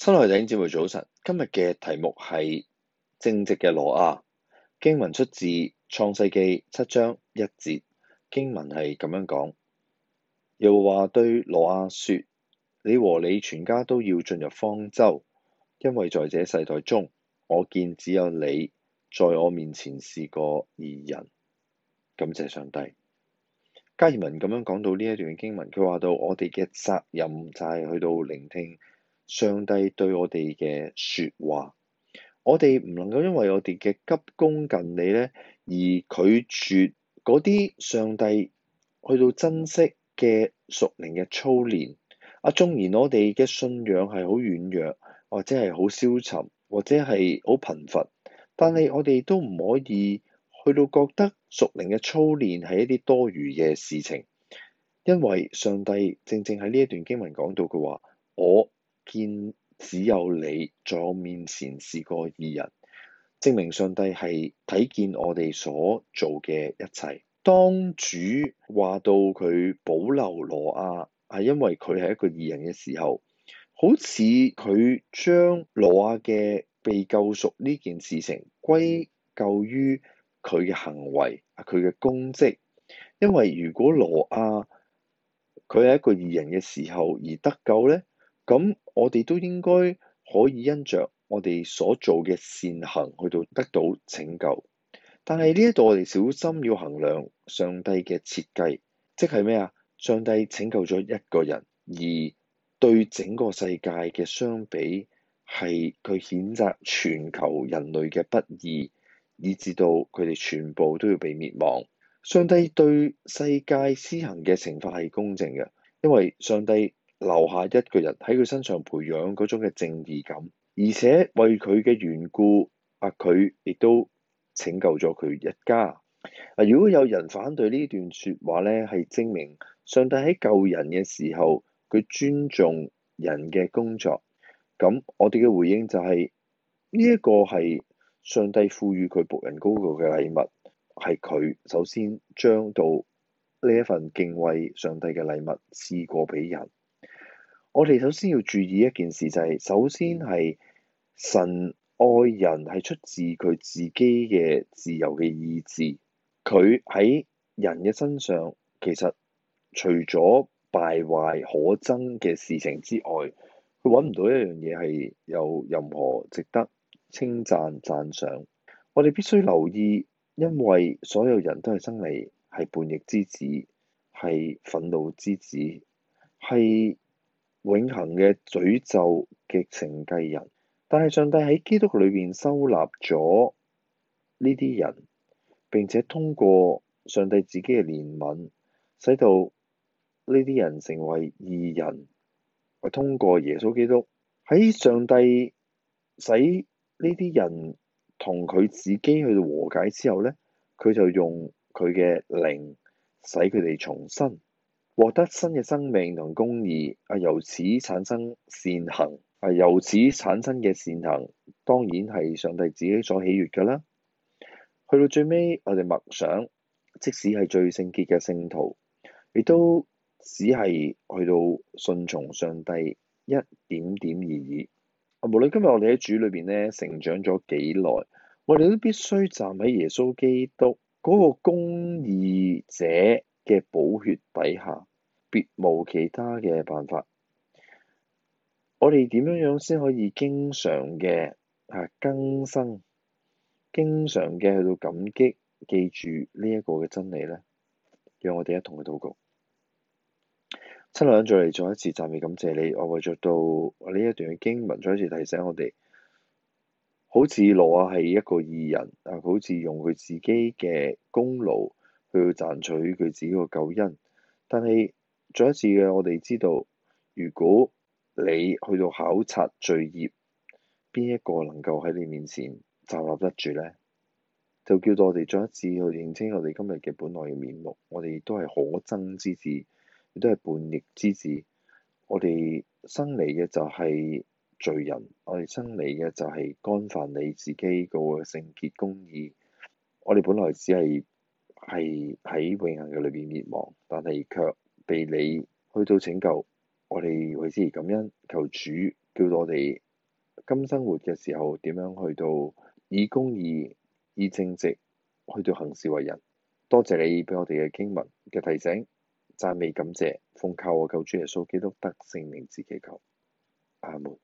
親愛弟兄姊妹，早晨。今日嘅題目係正直嘅挪亞。經文出自創世紀七章一節。經文係咁樣講，又話對挪亞說：你和你全家都要進入方舟，因為在這世代中，我見只有你在我面前是個義人。感謝上帝。加爾文咁樣講到呢一段經文，佢話到我哋嘅責任就係去到聆聽。上帝對我哋嘅説話，我哋唔能夠因為我哋嘅急功近利咧，而拒絕嗰啲上帝去到珍惜嘅屬靈嘅操練。啊，縱然我哋嘅信仰係好軟弱，或者係好消沉，或者係好貧乏，但係我哋都唔可以去到覺得屬靈嘅操練係一啲多餘嘅事情，因為上帝正正喺呢一段經文講到嘅話，我見只有你在我面前是個義人，證明上帝係睇見我哋所做嘅一切。當主話到佢保留挪亞，係因為佢係一個義人嘅時候，好似佢將挪亞嘅被救贖呢件事情歸咎於佢嘅行為，佢嘅功績。因為如果挪亞，佢係一個義人嘅時候而得救呢。咁我哋都應該可以因着我哋所做嘅善行去到得到拯救，但係呢一度我哋小心要衡量上帝嘅設計，即係咩啊？上帝拯救咗一個人，而對整個世界嘅相比係佢譴責全球人類嘅不義，以至到佢哋全部都要被滅亡。上帝對世界施行嘅懲罰係公正嘅，因為上帝，留下一個人，喺佢身上培養嗰種嘅正義感，而且為佢嘅緣故，啊，佢亦都拯救咗佢一家。啊，如果有人反對段說呢段説話咧，係證明上帝喺救人嘅時候，佢尊重人嘅工作。咁我哋嘅回應就係，呢一個係上帝賦予佢僕人高級嘅禮物，係佢首先將到呢一份敬畏上帝嘅禮物試過俾人。我哋首先要注意一件事，就係、是、首先係神愛人係出自佢自己嘅自由嘅意志，佢喺人嘅身上其實除咗敗壞可憎嘅事情之外，佢揾唔到一樣嘢，係有任何值得稱讚讚賞。我哋必須留意，因為所有人都係生嚟，係叛逆之子，係憤怒之子，係。永恒嘅詛咒嘅承繼人，但係上帝喺基督裏邊收納咗呢啲人，並且通過上帝自己嘅憐憫，使到呢啲人成為義人。通過耶穌基督喺上帝使呢啲人同佢自己去到和解之後咧，佢就用佢嘅靈使佢哋重生。獲得新嘅生命同公義，啊由此產生善行，啊由此產生嘅善行，當然係上帝自己所喜悅㗎啦。去到最尾，我哋默想，即使係最聖潔嘅聖徒，亦都只係去到順從上帝一點點而已。啊，無論今日我哋喺主裏邊咧成長咗幾耐，我哋都必須站喺耶穌基督嗰個公義者嘅寶血底下。別無其他嘅辦法，我哋點樣樣先可以經常嘅啊更新，經常嘅去到感激記住呢一個嘅真理咧？讓我哋一同去禱告。親愛再嚟再一次讚美感謝你，我為著到呢一段嘅經文再一次提醒我哋，好似挪亞係一個義人啊，好似用佢自己嘅功勞去去賺取佢自己個救恩，但係。再一次嘅，我哋知道，如果你去到考察罪孽，邊一個能夠喺你面前站立得住咧？就叫到我哋再一次去認清我哋今日嘅本來嘅面目。我哋都係可憎之子，亦都係叛逆之子。我哋生嚟嘅就係罪人，我哋生嚟嘅就係干犯你自己個聖潔公義，我哋本來只係係喺永恆嘅裏邊滅亡，但係卻。被你去到拯救，我哋為之感恩，求主叫我哋今生活嘅時候，點樣去到以公義、以正直去到行事為人。多謝你俾我哋嘅經文嘅提醒，讚美感謝，奉靠我救主耶穌基督得勝名字祈求，阿門。